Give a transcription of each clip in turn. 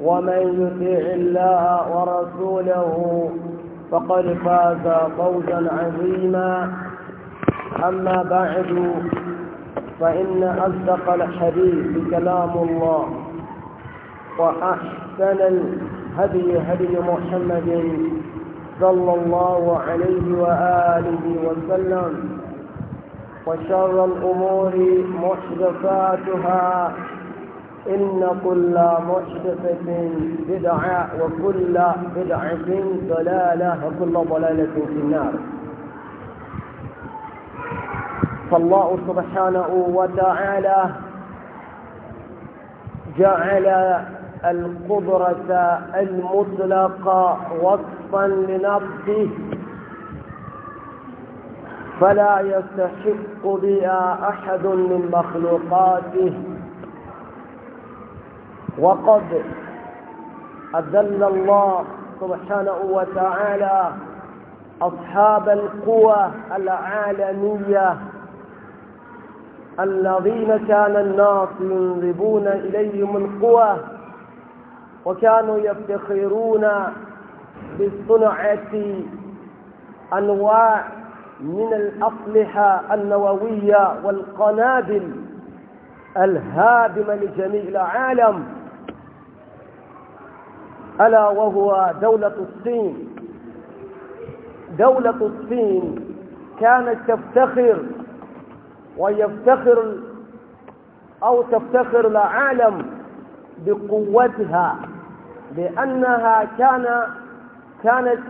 ومن يطع الله ورسوله فقد فاز فوزا عظيما أما بعد فإن أصدق الحديث كلام الله وأحسن الهدي هدي محمد صلى الله عليه وآله وسلم وشر الأمور محدثاتها إن كل محدثة بدعة وكل بدعة ضلالة وكل ضلالة في النار فالله سبحانه وتعالى جعل القدرة المطلقة وصفا لنفسه فلا يستحق بها أحد من مخلوقاته وقد أذل الله سبحانه وتعالى أصحاب القوى العالمية الذين كان الناس ينذبون إليهم القوى وكانوا يفتخرون بصنعة أنواع من الأسلحة النووية والقنابل الهادمة لجميع العالم ألا وهو دولة الصين دولة الصين كانت تفتخر ويفتخر أو تفتخر العالم بقوتها لأنها كان كانت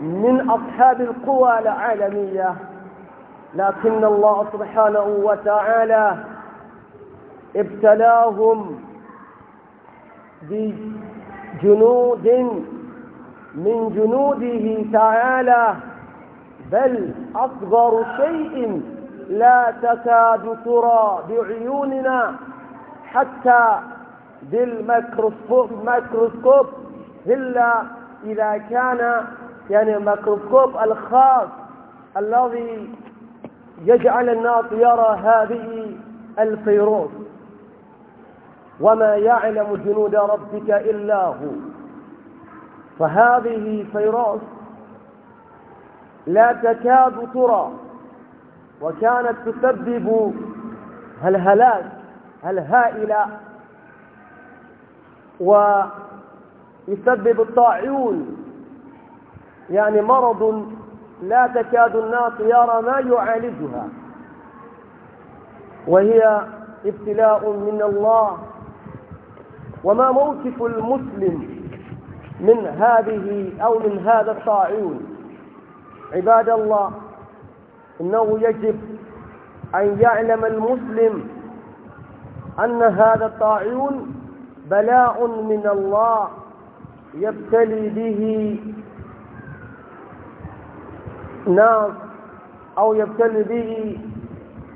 من أصحاب القوى العالمية لكن الله سبحانه وتعالى ابتلاهم جنود من جنوده تعالى بل أصغر شيء لا تكاد ترى بعيوننا حتى بالميكروسكوب إلا إذا كان يعني الميكروسكوب الخاص الذي يجعل الناس يرى هذه الفيروس وما يعلم جنود ربك إلا هو فهذه فيروس لا تكاد ترى وكانت تسبب الهلاك الهائلة ويسبب الطاعون يعني مرض لا تكاد الناس يرى ما يعالجها وهي ابتلاء من الله وما موقف المسلم من هذه أو من هذا الطاعون عباد الله إنه يجب أن يعلم المسلم أن هذا الطاعون بلاء من الله يبتلي به ناس أو يبتلي به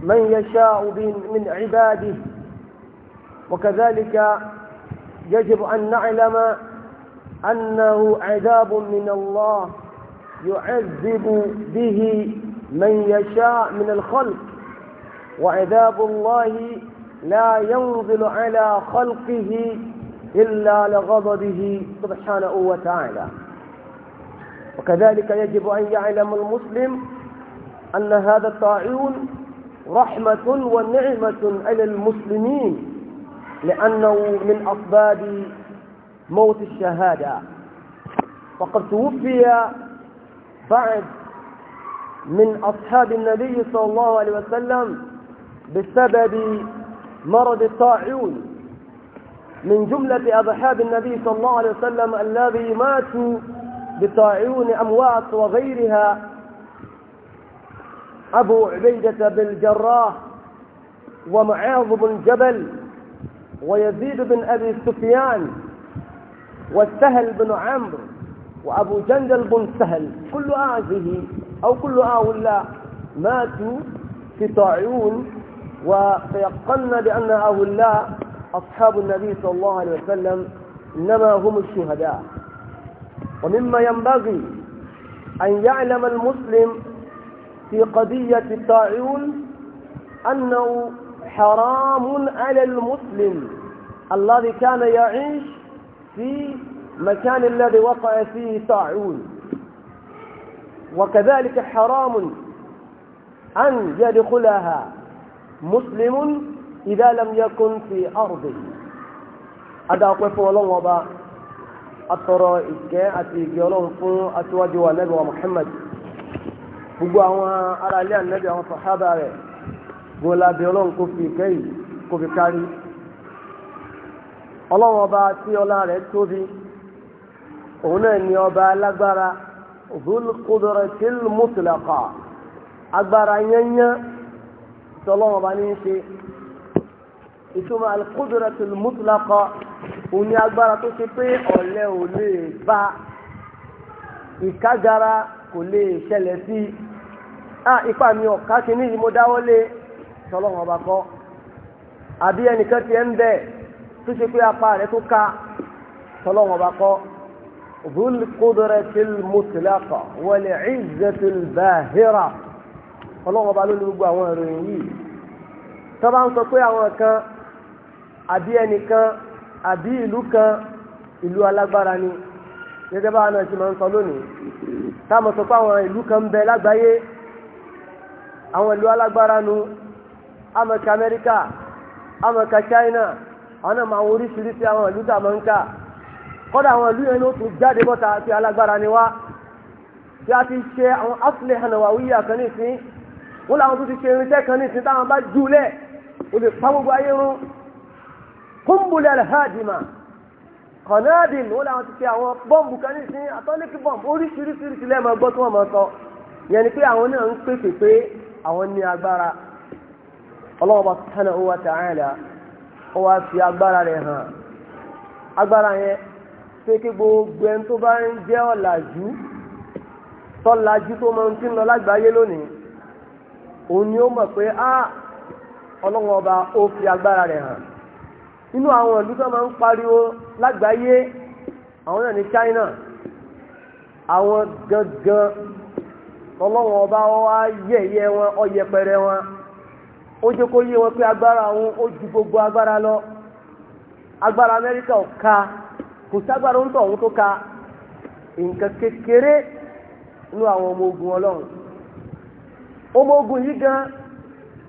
من يشاء من عباده وكذلك يجب أن نعلم أنه عذاب من الله يعذب به من يشاء من الخلق وعذاب الله لا ينزل على خلقه إلا لغضبه سبحانه وتعالى وكذلك يجب أن يعلم المسلم أن هذا الطاعون رحمة ونعمة على المسلمين لأنه من أسباب موت الشهادة فقد توفي بعض من أصحاب النبي صلى الله عليه وسلم بسبب مرض الطاعون من جملة أصحاب النبي صلى الله عليه وسلم الذي ماتوا بطاعون أموات وغيرها أبو عبيدة بالجراح ومعاذ بن جبل ويزيد بن أبي سفيان والسهل بن عمرو وأبو جندل بن سهل كل هذه أو كل هؤلاء ماتوا في طاعون وتيقنا بأن هؤلاء أصحاب النبي صلى الله عليه وسلم إنما هم الشهداء ومما ينبغي أن يعلم المسلم في قضية الطاعون أنه حرام على المسلم الذي كان يعيش في مكان الذي وقع فيه طاعون وكذلك حرام أن يدخلها مسلم إذا لم يكن في أرضه هذا أقف ولو وضع أترى إسكاء أتيجيولون فو أتواجه النبي محمد gbogbo àwọn ará ilé ànábì àwọn sàhábà rẹ̀ wọn lábẹ́ ọlọ́run kó fi ìkẹ́ yìí kó fi kárí ọlọ́run ọba tí ọlá rẹ̀ tóbi òun náà ni ọba alágbára zulkudratil mutlaqa agbára yẹnyẹn tí ọlọ́run ọba ní í ṣe ìtumọ̀ alkudratil mutlaqa òun ni agbára tó ṣe pé ọ̀lẹ ò lè bá ìkágara kò lè ṣẹlẹ̀ sí ah, ipa mi ọ̀ka kìíní yìí mo dáwọ́ lé tọ́lọ́wọ́n ọba kọ́ àbí ẹnìkan tiẹ̀ ń bẹ̀ tó ṣe pé apá rẹ̀ tó ká tọ́lọ́wọ́n ọba kọ́ dhul qudratil mutlaqa wal izzatil bahira tọ́lọ́wọ́n ọba ló ní gbogbo àwọn ìròyìn yìí tó bá ń sọ pé àwọn kan àbí ẹnìkan àbí ìlú kan ìlú alágbára ni gẹ́gẹ́ bá àwọn ẹ̀sìn máa ń sọ lónìí táwọn sọ pé àwọn ìlú kan ń bẹ lágbàáyé àwọn ìlú alágbára nu àmọ́ ka amẹ́ríkà àmọ́ ka china àwọn náà máa oríṣiríṣi àwọn ìlú tá a máa ń kà kọ́dà àwọn ìlú yẹn ló tún jáde bọ́ta ti alágbára ni wá tí a ti ṣe àwọn afilẹ̀ hànàwáwíyà kan nìsín wọ́n làwọn tó ti ṣe irinṣẹ́ kan nìsín táwọn bá júlẹ̀ o lè pa gbogbo ayé rún kúmbùlẹ̀ alhajima kọ̀nádìn wọ́n làwọn ti ṣe àwọn bọ́ǹbù kan nìsín atọ́lẹ́kì bọ́ǹbù oríṣiríṣiríṣi ni pé Allah subhanahu wa ta'ala ó wá fi agbára rẹ̀ hàn agbára yẹn pé kí gbogbo ẹni tó bá ń jẹ́ ọ̀làjú tọ́làjú tó máa ń tí ń lọ lágbàáyé lónìí òun ni ó mọ̀ pé á ọlọ́wọ́n ọba ó fi agbára rẹ̀ hàn nínú àwọn ìlú tó máa ń pariwo lágbàáyé àwọn náà ní China àwọn gangan ọlọ́wọ́n ó wá yẹ̀yẹ́ wọn ó wọn. ó jẹ́ kó yé wọn pé agbára òun ju gbogbo agbára lọ agbára amẹ́ríkà ò ka kò ságbára ń tọ̀ òun tó ka nǹkan kékeré nínú àwọn ọmọ ogun ọlọ́run ọmọ ogun yìí gan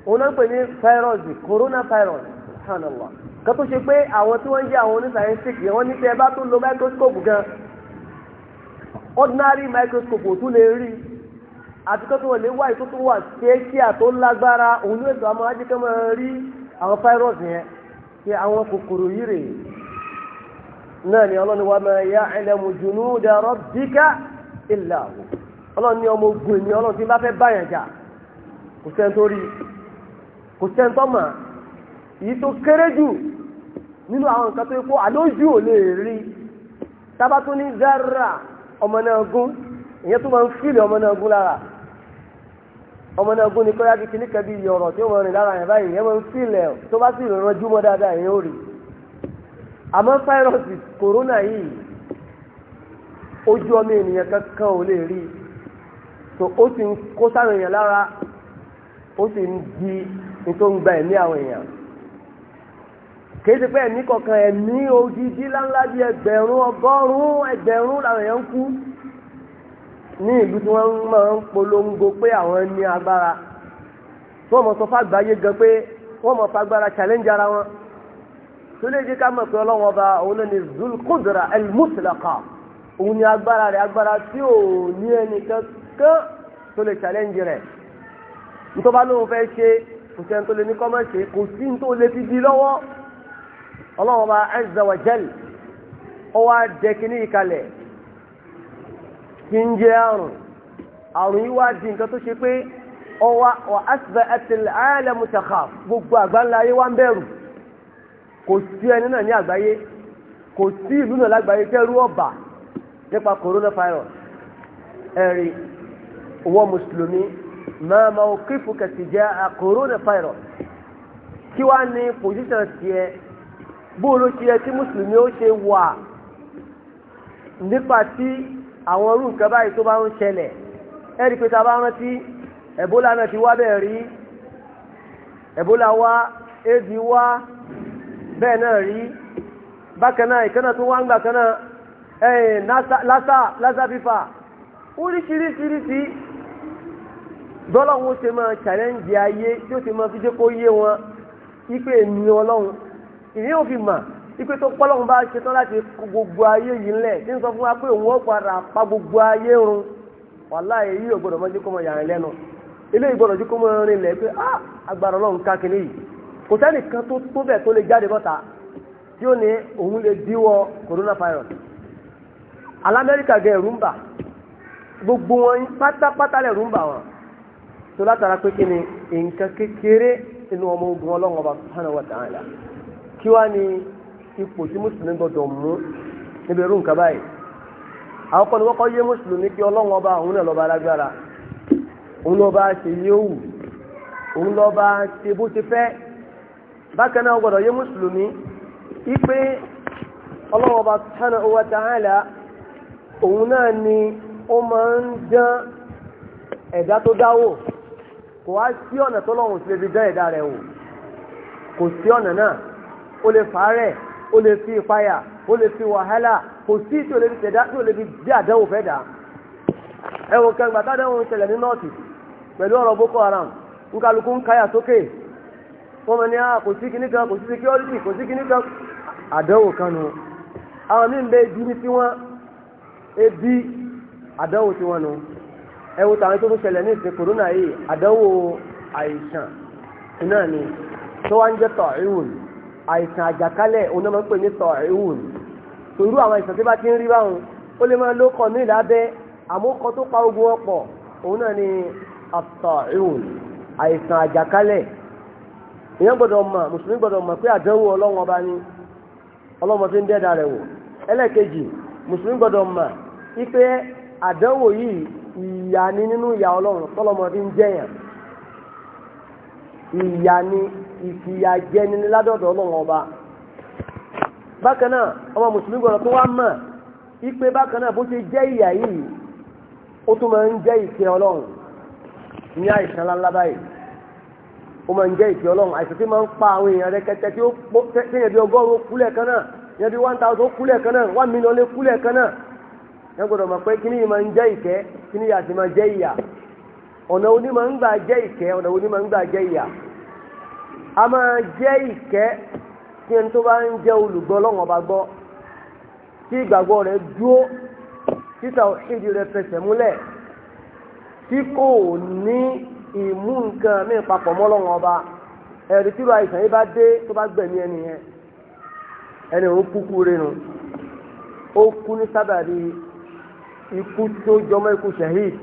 òun náà ń pè ní fáírọ́ọ̀sì coronavirus subhanallah kan tó ṣe pé àwọn tí wọ́n ń jẹ́ àwọn oníṣàyẹ́nsìk wọ́n ní pé ẹ bá lo microscope gan ordinary microscope ò tún lè rí àti kó tó wọlé wá ìtó tó wà kéékìá tó lágbára òun ló ètò àmọ́ ajé kẹ́mọ́ rí àwọn fáírọ́ọ̀sì yẹn kí àwọn kòkòrò yìí rè náà ni ọlọ́ni wa máa yá ẹlẹ́mu jùnú dẹ̀rọ̀ bíkà ìlà wò ọlọ́ni ní ọmọ ogun ènìyàn ọlọ́ni tí bá fẹ́ báyàn jà kò sẹ́ni tó rí kò sẹ́ni tó mà èyí tó kéré jù nínú àwọn nǹkan tó yẹ kó àlójú ò lè rí tábà zara ọmọ náà gún ìyẹn tó máa ń fìlì ọmọ náà gún lára ọmọ náà gún ni kọ́ yá bí kíní kan bí ọ̀rọ̀ tí ó mọ̀ rìn lára yẹn báyìí yẹn mọ̀ ń fìlẹ̀ tó bá sì rànjú mọ́ dáadáa yẹn ó rí àmọ́ fáírọ́ọ̀sì kòrónà yìí ojú ọmọ ènìyàn kankan ò lè rí so ó sì ń kó sáwọn èèyàn lára ó sì ń di nítorí ń gba ẹ̀mí àwọn èèyàn kìí ṣe pé ẹ̀mí kọ̀ọ̀kan ẹ̀mí odidi láńlá bíi ẹgbẹ̀rún ọgọ́rùn-ún ẹgbẹ̀rún làwọn èèyàn ń kú ní ìlú tí wọ́n máa ń polongo pé àwọn ní agbára tí wọ́n mọ̀ sọ fàgbáyé gan pé wọ́n mọ̀ fagbára challenge ara wọn tó lè jẹ́ ká mọ̀ pé ọlọ́wọ́n ọba òun náà ni zul kudra el muslaka òun ni agbára rẹ̀ agbára tí ò ní ẹni kankan tó lè challenge rẹ̀ nítorí bá fẹ́ ṣe kò sẹ́ni tó lè ní kọ́mọ̀ ṣe kò sí ní tó lè fi di lọ́wọ́ ọlọ́wọ́n ọba azza wa jal ọwọ́ adẹ́kíní ìkalẹ̀ tí ń jẹ́ àrùn àrùn yìí wá di nǹkan tó ṣe pé ọwọ́ gbogbo àgbáńlá ayé wa ń bẹ̀rù kò sí ẹni náà ní àgbáyé kò sí ìlú náà lágbàáyé tẹ́rú ọ̀bà nípa coronavirus ẹ̀rí owó mùsùlùmí máa ma ò kí fún kẹsì jẹ́ a coronavirus kí wá ní pòsíṣàn tiẹ̀ bóòlù tiẹ̀ tí mùsùlùmí ó ṣe wà àwọn irú nǹkan báyìí tó bá ń ṣẹlẹ̀ ẹ̀rí pé ta bá rántí ẹ̀bólà náà ti wá bẹ́ẹ̀ rí ẹ̀bólà wá éèdì wá bẹ́ẹ̀ náà rí bákan náà ìkànnà tó wá ń gbà kan náà ẹ̀yìn lásà fífà ipe èmi ọlọ́run ipe tó pọ́lọ́hún bá ṣetán láti kó gbogbo ayé yìí ńlẹ̀ tí ń sọ fún wa pé òun ó padà pa gbogbo ayé run wàhálà èyí ò gbọdọ̀ mọ́jú kó mọ yàrá lẹ́nu ilé ìgbọdọ̀ jú kó mọ rin lẹ̀ pé ah agbára ọlọ́run ká kiri yìí kò sẹ́nì kan tó tó bẹ̀ tó lè jáde bọ́ta tí ó ní òun lè díwọ́ coronavirus alamẹ́ríkà gẹ̀ ẹ̀rú ń bà gbogbo wọn pátápátá lẹ̀ ẹ̀rú ń wọn tó látara pé kí ni nǹkan kékeré inú ọmọ ogun ọlọ́run ọba kí wá ni ipò tí mùsùlùmí gbọdọ̀ mú níbi irú nǹkan báyìí àwọn kan ní kọ́kọ́ yé mùsùlùmí pé ọlọ́run ọba òun náà lọ́ba alágbára òun lọ́ba ṣe yéwù òun lọ́ba ṣe bó ṣe fẹ́ bákan náà gbọdọ̀ yé mùsùlùmí ipe ọlọ́run ọba subhanahu wa ta'ala òun náà ni ó máa ń dán ẹ̀dá tó dáwò kò wá sí ọ̀nà tó o lè fi ìpayà o lè fi wàhálà kò sí tí o lè fi tẹ̀dá tí Ewu lè fi dí àdánwò fẹ́ dà ẹ̀wọ̀n kẹgbà tádẹ́wò ń ṣẹlẹ̀ ní nọ́ọ̀tì pẹ̀lú ọ̀rọ̀ Boko Haram ń kálukú ń káyà sókè wọ́n mọ̀ ní à ah, kò sí kíní kan kò sí security kò sí kíní kan àdánwò kan nu àwọn míì ń bẹ ebi ní tiwọn ebi tiwọn nu tàwọn tó ń ní ìsìn kòrónà yìí àìsàn ni tó wá àìsàn àjàkálẹ̀ òun náà máa ń pè ní sọ̀rẹ́wùn àwọn àìsàn tí bá ti ń rí báwọn ó lè máa lókọ̀ ní ìlàbẹ́ àmókọ tó pa ogun ọ̀pọ̀ òun náà ni sọ̀rẹ́wùn àìsàn àjàkálẹ̀ èèyàn gbọ́dọ̀ mọ̀ mùsùlùmí gbọ́dọ̀ mọ̀ pé àdánwò ń rẹ̀ ni ìfìyàjẹni ní ládọ̀dọ̀ ọlọ́run ọba bákan náà ọmọ mùsùlùmí gbọ́dọ̀ tó wá mọ̀ ipe bákan náà bó ṣe jẹ́ ìyà yìí ó tún máa ń jẹ́ ìfẹ́ ọlọ́run ní àìsàn ńláńlá báyìí ó máa ń jẹ́ ìfẹ́ ọlọ́run àìsàn tí máa ń pa àwọn èèyàn rẹ̀kẹ̀tẹ̀ tí ó tẹ̀yẹ̀ bí ọgọ́rùn-ún kúlẹ̀ kan náà yẹn bí one thousand kúlẹ̀ kan náà one million kúlẹ̀ kan náà yẹn gbọ́dọ̀ mọ̀ pé kíní máa ń jẹ́ kíní máa jẹ́ ìyà a máa jẹ́ ìkẹ́ kí n tó bá ń jẹ́ olùgbọ́ lọ́wọ́n bá gbọ́ tí ìgbàgbọ́ rẹ̀ dúó tí tawhid rẹ̀ fẹsẹ̀ múlẹ̀ tí kò ní ìmú nǹkan mí papọ̀ mọ́ lọ́wọ́n ọba ẹ̀rí tí ìlú àìsàn yìí bá dé tó bá gbẹ̀mí ẹni yẹn ẹni òun kúkú rinu ó kú ní sábàbí ikú tó jọmọ́ ikú shahid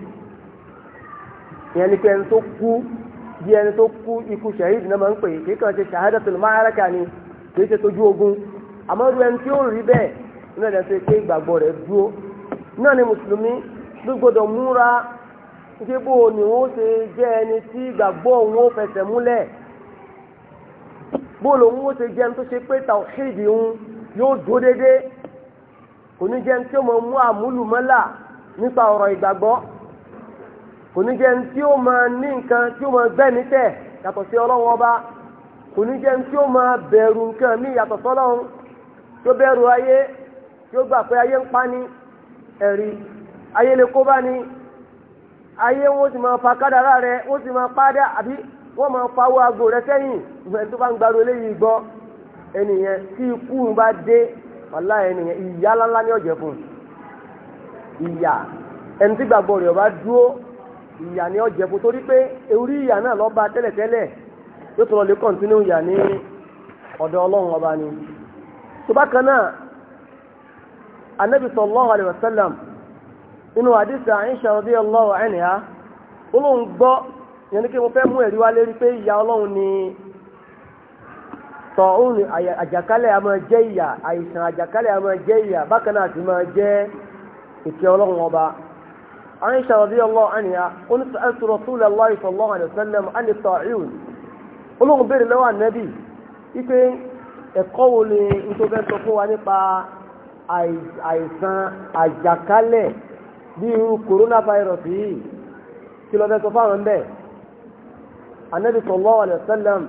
ìyẹn ni pé ẹni tó kú bí ẹni tó kú ikú ṣahid náà máa ń pè kí kàn ṣe ṣahadatul ma'araka ni kì í ṣe tójú ogun àmọ́ irú ẹni tí ó rí bẹ́ẹ̀ náà lẹ́nu tó pé ìgbàgbọ́ rẹ̀ dúró náà ni mùsùlùmí ló gbọdọ̀ múra ṣé bó o ní wọ́n ṣe jẹ́ ẹni tí ìgbàgbọ́ òun ó fẹsẹ̀ múlẹ̀ bó lòun ó ṣe jẹ́ ẹni tó ṣe pé tawhid òun yóò dó déédéé kò ní jẹ́ ẹni tí ó mọ̀ mú àmúlùmọ́là nípa ọ̀rọ̀ ìgbàgbọ́ kò ní jẹ́ ní tí ó máa ní nǹkan tí ó máa gbẹ́ ní tẹ̀ yàtọ̀ sí ọlọ́run ọba kò tí ó máa bẹ̀rù nǹkan mí yàtọ̀ sọ́lọ́run tí ó bẹ̀rù ayé tí ó gbà pé ayé ń pa ni ẹ̀rí ayé lè kó bá ni ayé wọ́n sì máa fa kádàrá rẹ wọ́n sì máa pàdá àbí wọ́n máa fa owó aago rẹ sẹ́yìn ìgbà tó bá ń gbàdúrà eléyìí gbọ́ ẹnìyẹn tí ikú ń bá dé wàlá ẹnìyẹn ìyá ńláńlá ní ọ̀jẹ̀ fún ìyá ẹni tí gbàgbọ́ rẹ̀ ọba dúró ìyà ni ọjẹ fún torí pé orí ìyà náà lọ bá tẹ́lẹ̀tẹ́lẹ̀ yóò tọrọ lè ìyà ọba ni tó bá kan náà anabi sallallahu alaihi wasallam inú àdìsí àyíṣà radiyallahu anha olóhùn gbọ́ yẹn ni kí mo fẹ́ mú ẹ̀rí wá lérí pé ìyà ọlọ́run ni sọ àjàkálẹ̀ a máa jẹ́ ìyà àìsàn àjàkálẹ̀ a máa jẹ́ ìyà bákan náà sì عائشة رضي الله عنها قلت سألت رسول الله صلى الله عليه وسلم عن الطاعون قلوا بير لو النبي يكي القول انتو بين تقوى نقا àìsàn àjàkálẹ̀ bí irú coronavirus yìí kí lọ bẹ́ sọ fáwọn bẹ́ anabi sallallahu alaihi wasallam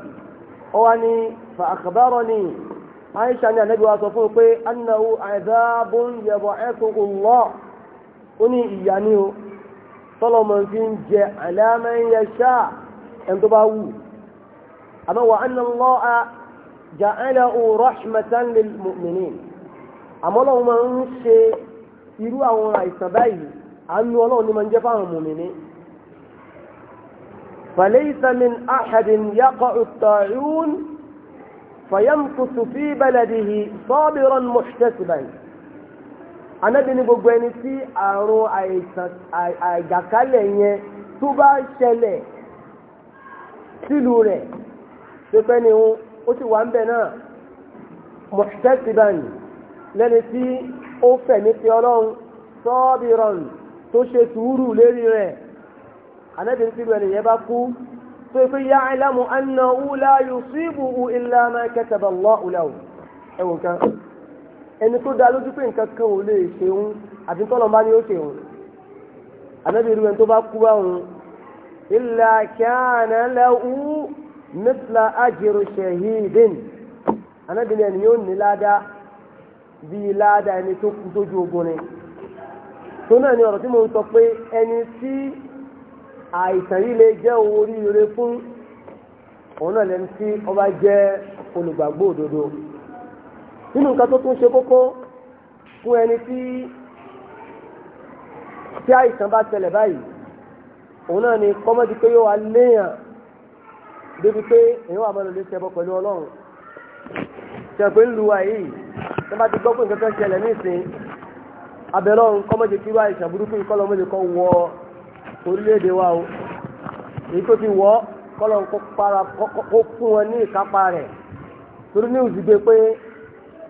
ó wá ní fa akhbarani Aisha ní anabi wa sọ fún pé annahu azabun yab'athu Allah ó ní ìyá ní o tọ́lọ́mọ fi ń jẹ àlàmọ́ ń yẹ ṣáà ẹni tó bá wù àmọ́ wà ánà lọ́ a ja'ala rahmatan lil mu'minin àmọ́ lọ́wọ́ máa ń ṣe irú àwọn àìsàn báyìí àánú ọlọ́run ni máa ń jẹ́ fáwọn mùmìnì فليس من أحد يقع الطاعون فيمكث في بلده صابرا محتسبا anábì ní gbogbo ẹni tí àrùn àjàkálẹ̀ yẹn tó bá ṣẹlẹ̀ sílùú rẹ̀ tó pẹ́ ni ó ti wà ń bẹ̀ náà mọ̀tẹ́sìbánì lẹ́ni tí ó fẹ̀mí ti ọlọ́run sọ́ọ́bìrán tó ṣe sùúrù lérí rẹ̀ anábì ní sílùú ẹni yẹn bá kú tó pé yá ẹlẹ́mu anna wúlá yusibu illa ma kataba Allahu ẹ̀wọ̀n kan. ẹni tó dá lójú pé nǹkan kan ò lè ṣeun àti tọ́lọ̀ bá ní ó ṣeun ànábì irú ẹni tó bá kú bá òun illa kana lahu mithla ajri shahidin ànábì ni ẹni yóò ní ládàá bíi ládàá ẹni tó kú ni tó náà ni ọ̀rọ̀ tí mo ń sọ pé ẹni tí àìsàn yìí lè jẹ́ oríire fún òun náà lẹni tí jẹ́ olùgbàgbọ́ nínú nǹkan tó tún ṣe kókó fún ẹni tí tí àìsàn bá ṣẹlẹ̀ báyìí òun náà ni kọ́mọ́dé pé yóò wá léèyàn débi pé èèyàn wà mọ́lẹ̀ lè ṣẹbọ pẹ̀lú ọlọ́run ṣẹ̀pẹ́ ń lu wa yìí tó bá ti gbọ́ pé nǹkan kan ṣẹlẹ̀ nísìn abẹ́lọ́run kọ́mọ́dé kí wá àìsàn burúkú kọ́lọ́mọ́dé kan wọ orílẹ̀-èdè wa o èyí tó ti wọ́ kọ́lọ́run kó fún wọn ní ìkápá rẹ̀ torí ní òsì gbé pé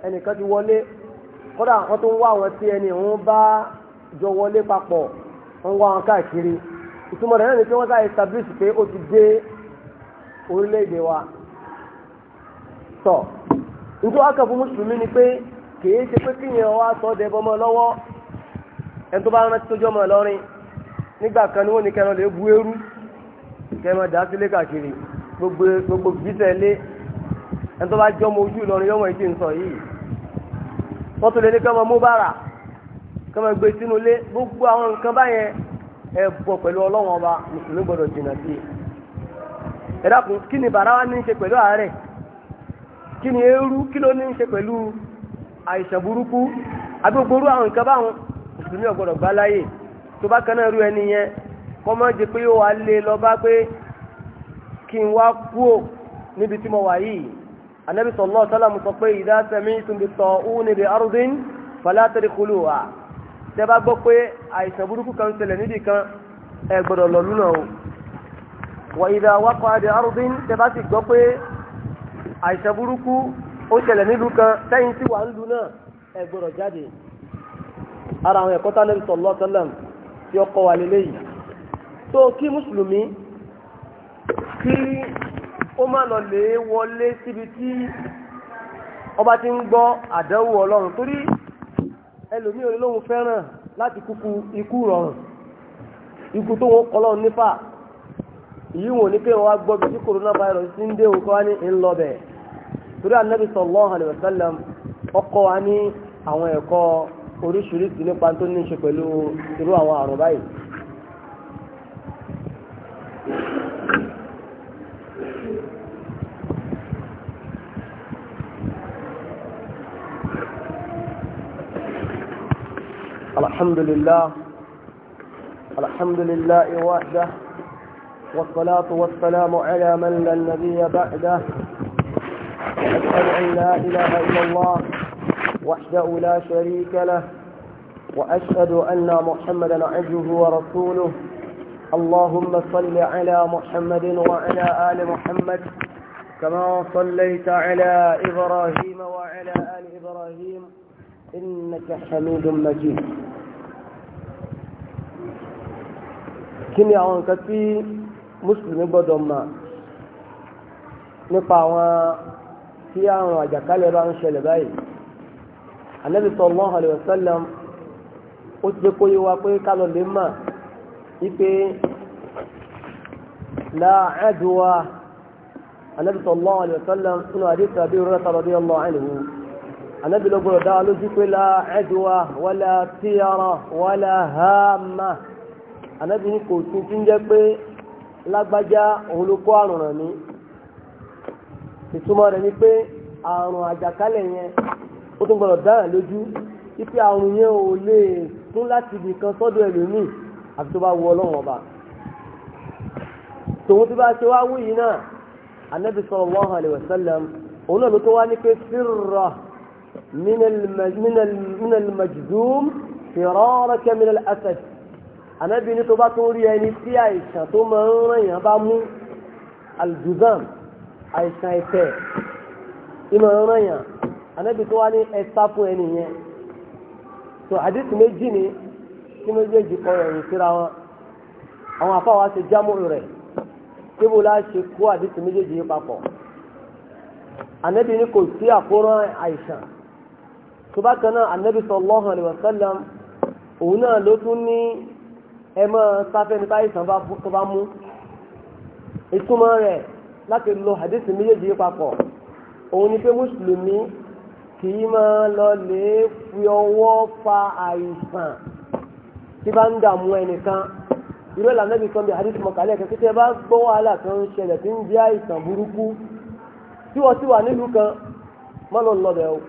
ẹnìkan ti wọlé kódà wọ́n tó ń wá àwọn tí ẹni òun bá jọ wọlé papọ̀ wọ́n wá wọn káàkiri ìtumọ̀ rẹ̀ náà ni pé wọ́n sáré establish pé ó ti dé orílẹ̀-èdè wa tọ̀ nítorí wákà fún mùsùlùmí ni pé kìí ṣe pé kíyàn wá sọ ọ́ dẹ́bọ́ mọ́ lọ́wọ́ ẹni tó bá rántí tó jọ́ mọ́ lọ́rin nígbà kan ni wọ́n ní kẹran lè bu eru kẹran dà sílé káàkiri gbogbo gbogbo bísẹ̀ lé ẹni tó bá jọ́ mọ ojú Ìlọrin yọ́mọ ìdí ń yìí wọ́n tún lè ní kí wọ́n mú gbé sínú ilé gbogbo àwọn nǹkan báyẹn ẹ pẹ̀lú ọlọ́wọ́n ọba mùsùlùmí gbọ́dọ̀ jìnnà sí i ẹ kí ni bàrà wa ní í ṣe pẹ̀lú ààrẹ kí ni eérú kí ló ní í ṣe pẹ̀lú àìsàn burúkú agbègbòrú àwọn nǹkan anabi sallallahu alaihi wasallam sọ pé idha sami'tum bit-ta'uni bi ardin fala tadkhuluha tẹ́ bá gbọ́ pé àìsàn burúkú kan ṣẹlẹ̀ níbi kan ẹ gbọ́dọ̀ lọ lúnà o wa idha waqa'a bi ardin tẹ́ bá sì gbọ́ pé àìsàn burúkú ó ṣẹlẹ̀ nílùú kan tẹ́yìn sí wà ń lu náà ẹ jáde ara àwọn ẹ̀kọ́ tá lẹ́nu sallallahu alaihi tí ó kọ́ wa tó kí mùsùlùmí kí ó má lọ lè wọlé síbi tí ọba ti ń gbọ́ àdánwò ọlọ́run torí ẹlòmí olóhùn fẹ́ràn láti kúkú ikú rọrùn ikú tó wọn kọlọ́ nípa èyí wọn ní pé wọ́n wá gbọ́ bí tí corona ti ń dé ní ńlọbẹ̀ torí anabi ọkọ wa ní àwọn ẹ̀kọ́ oríṣiríṣi nípa tó ní í ṣe الحمد لله الحمد لله وحده والصلاة والسلام على من لا نبي بعده وأشهد أن لا إله إلا الله وحده لا شريك له وأشهد أن محمدا عبده ورسوله اللهم صل على محمد وعلى آل محمد كما صليت على إبراهيم وعلى آل إبراهيم إنك حميد مجيد kí ni àwọn nǹkan tí mùsùlùmí gbọ́dọ̀ mọ̀ nípa àwọn tí àwọn àjàkálẹ̀ bá ń ṣẹlẹ̀ báyìí anabi sallallahu alayhi wa sallam ó ti jẹ́ kó yé wa pé kálọ̀ lè mà wípé la adwa anabi sallallahu nínú àdéhùn àbí ìrora tàbí ọdún ọlọ́ àìníwò anabi ló gbọ́dọ̀ dá lójú pé la adwa wala tiyara wala ànábì ní kò tún ti ń jẹ́ pé lágbájá òun ló kó àrùn ràn mí ìtumọ̀ rẹ̀ ni pé àrùn àjàkálẹ̀ yẹn ó tún gbọ́dọ̀ dáhàn lójú títí àrùn yẹn ò lè tún láti ibì kan sọ́dọ̀ ẹlòmíì àti tó bá wọ ọlọ́run ọba tòun ti bá ṣe wá wú yìí náà anabi sallallahu alayhi wa sallam òun náà ló tó wá ní pé sírra minal majdum firaraka minal asad ànábì ní tó bá tó rí ẹni tí àìsàn tó máa ń ràn yàn bá mú aljuzam àìsàn ẹ̀tẹ̀ ìmọ̀ ń ràn yàn ànábì tó wá ní ẹ̀sá fún ẹni yẹn tó àdìsí méjì ni tí méjèèjì kọ ẹ̀yìn síra wọn àwọn afáwa ṣe jámù rẹ̀ síbò láà ṣe kó àdìsí méjèèjì yìí papọ̀ ànábì ní kò sí àkóràn àìsàn tó bá kan náà ànábì sallallahu alaihi wasallam òun náà ló tún ní ẹ mọ́ sáfẹ́ni táyìsàn tó bá mú ìtumọ̀ rẹ̀ láti lo hadisi méjèèjì papọ̀ òun ni pé mùsùlùmí kì í máa lọ lè fi ọwọ́ fa àìsàn tí bá ń dààmú ẹnìkan irú ìlànà ibi kan bí hadisi mọ̀kálẹ̀ kẹ́kẹ́ tí ẹ bá gbọ́ wàhálà kan ń ṣẹlẹ̀ tí ń jẹ́ àìsàn burúkú tí wọ́n ti wà nílùú kan má lọ lọ bẹ̀ o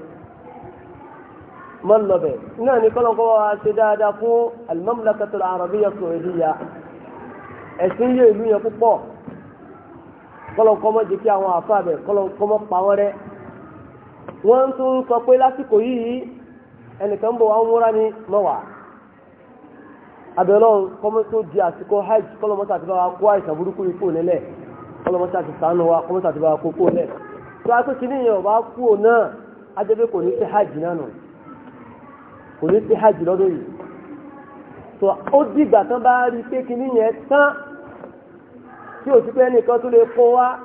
mọ́lọ́bẹ̀ náà ní kọ́lọ́kọ́ wa ṣe dáadáa fún alimamlakatul arabiya saudiya ẹ̀sìn yé ìlú yẹn púpọ̀ kọ́lọ́kọ́ mọ́ jẹ́ kí àwọn àfa bẹ̀ kọ́lọ́kọ́ mọ́ pa wọ́n rẹ́ wọ́n tún sọ pé lásìkò yìí ẹnìkan bọ̀ wọ́n múra ní mọ́wàá abẹ́lọ́n kọ́mọ́ tó di àsìkò hajj kọ́lọ́mọ́sá ti bá kó àìsàn burúkú yìí kò lẹ́lẹ̀ kọ́lọ́mọ́sá ti sànù wa kọ́mọ́sá ti bá kó kó lẹ̀ tó a pé kí níyàn bá kú ò náà ajẹ́bẹ́ kò ní sí hajj náà nù kò ní sí hajj lọ́dún yìí tó ó dìgbà tán bá rí pé kinní yẹn tán tí ò sí pé ẹnìkan tó lè kó wá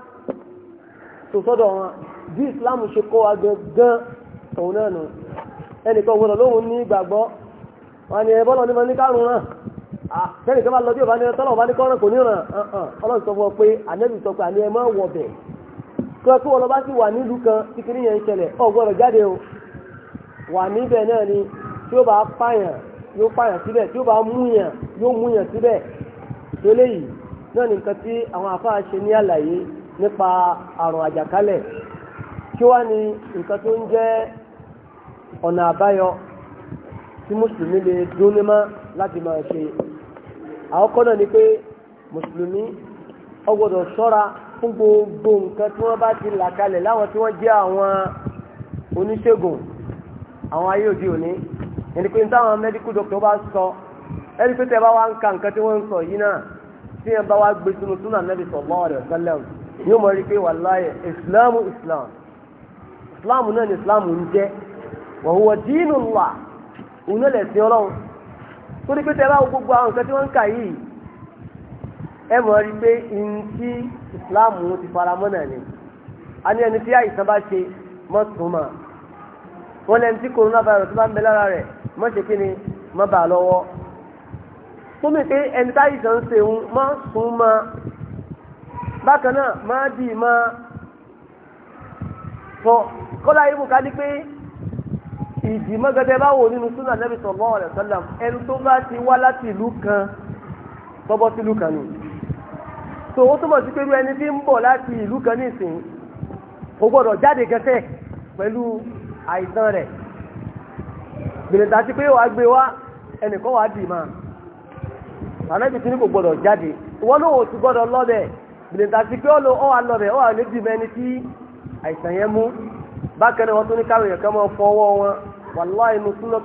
tó sọ́dọ̀ wọn bí islam ṣe kó wa gangan òun náà nù ẹnìkan gbọdọ̀ lóhun ní ìgbàgbọ́ wọn ni ẹbọ́lọ̀ ní wọn ní kárùn náà àtẹ́nì kan bá lọ bí ọba ní ọtọ́lọ̀ ọba ní kọ́rọ̀ kò ní ràn án ọlọ́run sọ fún ọ pé ànẹ́bì sọ pé àní ẹ máa wọ bẹ̀ kí wọ́n tó wọn lọ bá sì wà nílùú kan kíkiri yẹn ń ṣẹlẹ̀ ọgbọ́dọ̀ jáde o wà níbẹ̀ náà ni tí ó bá pààyàn yóò pààyàn síbẹ̀ tí ó bá múyàn yóò múyàn síbẹ̀ tó léyìí náà nìkan tí àwọn àfáà ṣe ní àlàyé nípa àrùn àjàkálẹ̀ kí wá ní nǹkan tó ń jẹ́ ọ̀nà àbáyọ tí mùsùlùmí lè dún ní mọ́ láti máa ṣe àkọ́kọ́ náà ni pé mùsùlùmí ó gbọ́dọ̀ ṣọ́ra fún gbogbo nǹkan tí wọ́n bá ti là kalẹ̀ láwọn tí wọ́n jẹ́ àwọn oníṣègùn àwọn ayé òde òní ẹni pé táwọn medical doctor bá sọ ẹni pé tẹ bá wá ń ka nǹkan tí wọ́n ń sọ yìí náà tí yẹn bá wá gbé sínú súnà nẹ́bí sallallahu alaihi wasallam ni ó mọ̀ rí pé wàláyé ìsìláàmù ìsìláàm ìsìláàmù náà ni ìsìláàmù ń jẹ́ wa huwa dinullah òun náà lẹ̀sìn ọlọ́run tó ní pé tẹ bá gbogbo àwọn nǹkan tí wọ́n ń kà yìí ẹ mọ̀ rí pé ìhun tí ìsìláàmù ti faramọ́ náà ni a ní ẹni tí àìsàn bá ṣe mọ́ sùn mọ́ tí coronavirus bá ń bẹ lára rẹ̀ má ṣe kí ni má bà á lọ́wọ́ tó mi pé ẹni táyì sàn ń ṣe ń má sùn má bákan náà má dì má sọ kọ́lá ibù ká ní pé ìdì mọ́gẹ́gẹ́ bá wò nínú súnà Nabi sallallahu alaihi wasallam ẹni tó bá ti wá láti ìlú kan bọ́bọ́ sí ìlú kan nù so ó túmọ̀ sí pé irú ẹni tí ń bọ̀ láti ìlú kan nísìnyí kò gbọ́dọ̀ jáde gẹ́sẹ̀ pẹ̀lú àìsàn rẹ̀ gbìyànjú àti pé wàá gbé wá ẹnìkan wàá dì máa ànábì tí ní kò gbọdọ̀ jáde wọn ló wò tí gbọdọ̀ lọ́bẹ̀ gbìyànjú àti pé ó wà lọ́bẹ̀ ó wà lè dì mẹ́ni tí àìsàn yẹn mú bákan náà wọn tún ní káwọn èèyàn kan máa fọwọ́ wọn wàlúwà inú súnlọ́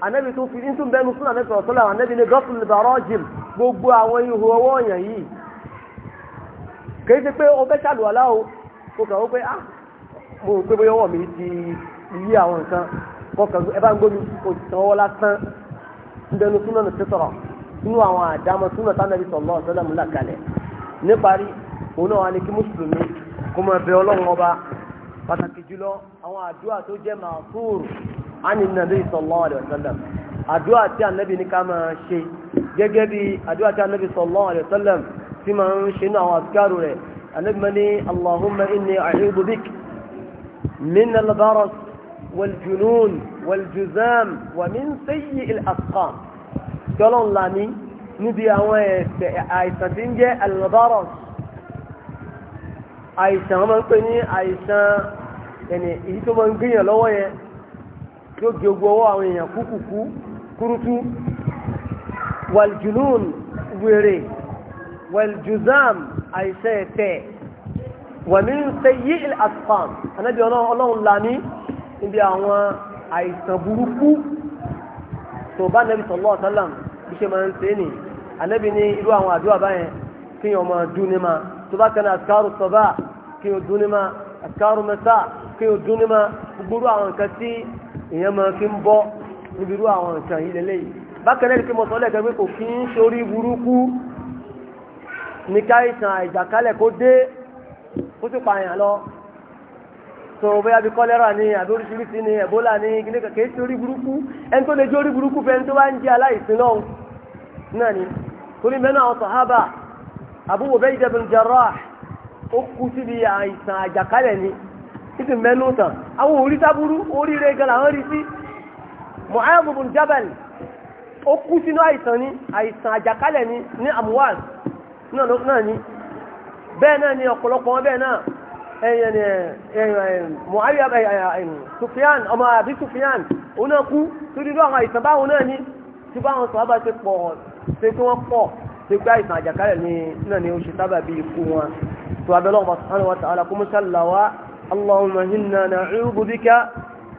anabi tó fi nítorí bẹ́ẹ̀ nusúnà ní sọ̀rọ̀ sọ́lá anabi ní gọ́fùlù bàrọ́jìm gbogbo àwọn ihò ọwọ́ ọ̀yàn yìí kìí ṣe pé o fẹ́ ṣàlùwàlá o kò kà ó pé ah mo rò pé bóyá ọwọ́ mi ti yí àwọn nǹkan kọkàn ẹ bá ń gbómi kò tàn ọwọ́ lásán níbẹ̀ nusúnà ní sọ̀rọ̀ nínú àwọn àdámọ́ súnà tánàbí sọ̀lọ́ sọ́lá múlá níparí òun náà wà ní kí mùsùlùmí kó máa bẹ ọlọ́run ọba pàtàkì jùlọ àwọn àdúrà tó jẹ́ màfúrù ani nabi sallallahu alayhi wa sallam àdúrà tí anabi ní ká máa ṣe gẹ́gẹ́ bí àdúrà tí anabi sallallahu alayhi wa sallam tí máa ń ṣe ní àwọn àtikárò rẹ̀ anabi máa ní allahumma inni a'udhu bik min albaras waljunun waljuzam wa min sayyi al-asqam tọ́lọ́n lami níbi àwọn àìsàn tí ń jẹ́ albaras àìsàn wọn máa ń pè ní àìsàn ẹni èyí tó máa ń gbìyàn lọ́wọ́ yẹn yóò gé ogbó ọwọ́ àwọn èèyàn kúkùkú kúrútú wàljùlùún wèrè wàljùzám àìsẹ́ ẹ̀tẹ́ wàmí sẹ́yí àtfàm anábì ọlọ́run lami níbi àwọn àìsàn burúkú tó bá nàbì sallallahu alaihi bí ṣe máa ń ṣe ni anábì ní irú àwọn àdúrà báyẹn kí yẹn ọmọ dún ní ma tó bá kẹ́ni àtikárù sọ́bà kí yẹn dún ní ma àtikárù mẹ́ta kí yẹn dún ní ma gbogbo àwọn nǹkan tí èèyàn máa fi ń bọ́ níbi irú àwọn nǹkan yìí lélẹ́yìí bákan náà ni pé mo sọ lẹ́ẹ̀kan pé kò fi ń sórí burúkú ní káìsàn àìjàkálẹ̀ kó dé kó sì pààyàn lọ sọ̀rọ̀ bóyá bí kọ́lẹ́rà ni àbí oríṣiríṣi ni ẹ̀bólà ni kíní kẹ̀kẹ́ sí orí burúkú ẹni tó lè jẹ́ orí burúkú fẹ́ tó bá ń jẹ́ aláìsìn náà náà ni torí mẹ́nu àwọn ni títí mẹ́nu tàn àwọn orí sábúrú oríire gan làwọn rí sí Mu'adh ibn Jabal ó kú sínú àìsàn ni àìsàn àjàkálẹ̀ ni ní amuwan náà ni bẹ́ẹ̀ náà ni ọ̀pọ̀lọpọ̀ wọn bẹ́ẹ̀ náà Mu'awiya Sufyan ọmọ àbí Sufyan òun náà kú tó dídú àwọn àìsàn báwọn náà ni tí báwọn sọ̀rọ̀ bá ti pọ̀ ṣe kí wọ́n pọ̀ ṣe pé àìsàn àjàkálẹ̀ ni náà ni ó ṣe sábà bí ikú wọn tó abẹ́lọ́wọ́ subhanahu wa wá اللهم إنا نعوذ بك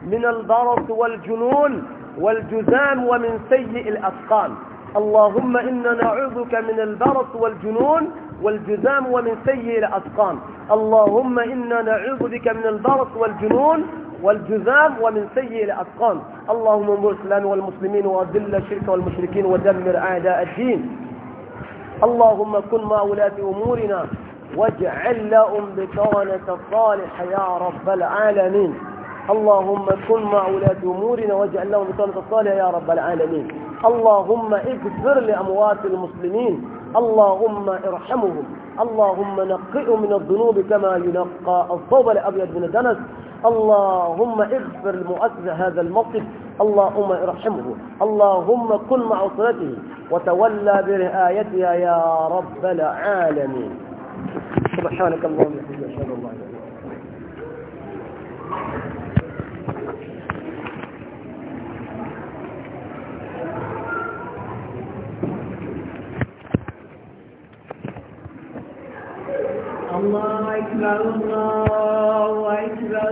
من البرص والجنون والجزام ومن سيء الأسقام اللهم إنا نعوذك من البرص والجنون والجزام ومن سيء الأسقام اللهم إنا نعوذ بك من البرص والجنون والجزام ومن سيء الأسقام اللهم انظر الإسلام والمسلمين وأذل الشرك والمشركين ودمر أعداء الدين اللهم كن مع ولاة أمورنا واجعل لهم بطانة الصالح يا رب العالمين اللهم كن مع ولاة أمورنا واجعل لهم بطانة الصالح يا رب العالمين اللهم اغفر لأموات المسلمين اللهم ارحمهم اللهم نقئهم من الذنوب كما ينقى الصوب الأبيض من الدنس اللهم اغفر لمؤسس هذا المسجد اللهم ارحمه اللهم كن مع أسرته وتولى برعايتها يا رب العالمين سبحانك اللهم وبحمدك اشهد ان لا اله الا الله أكبر الله أكبر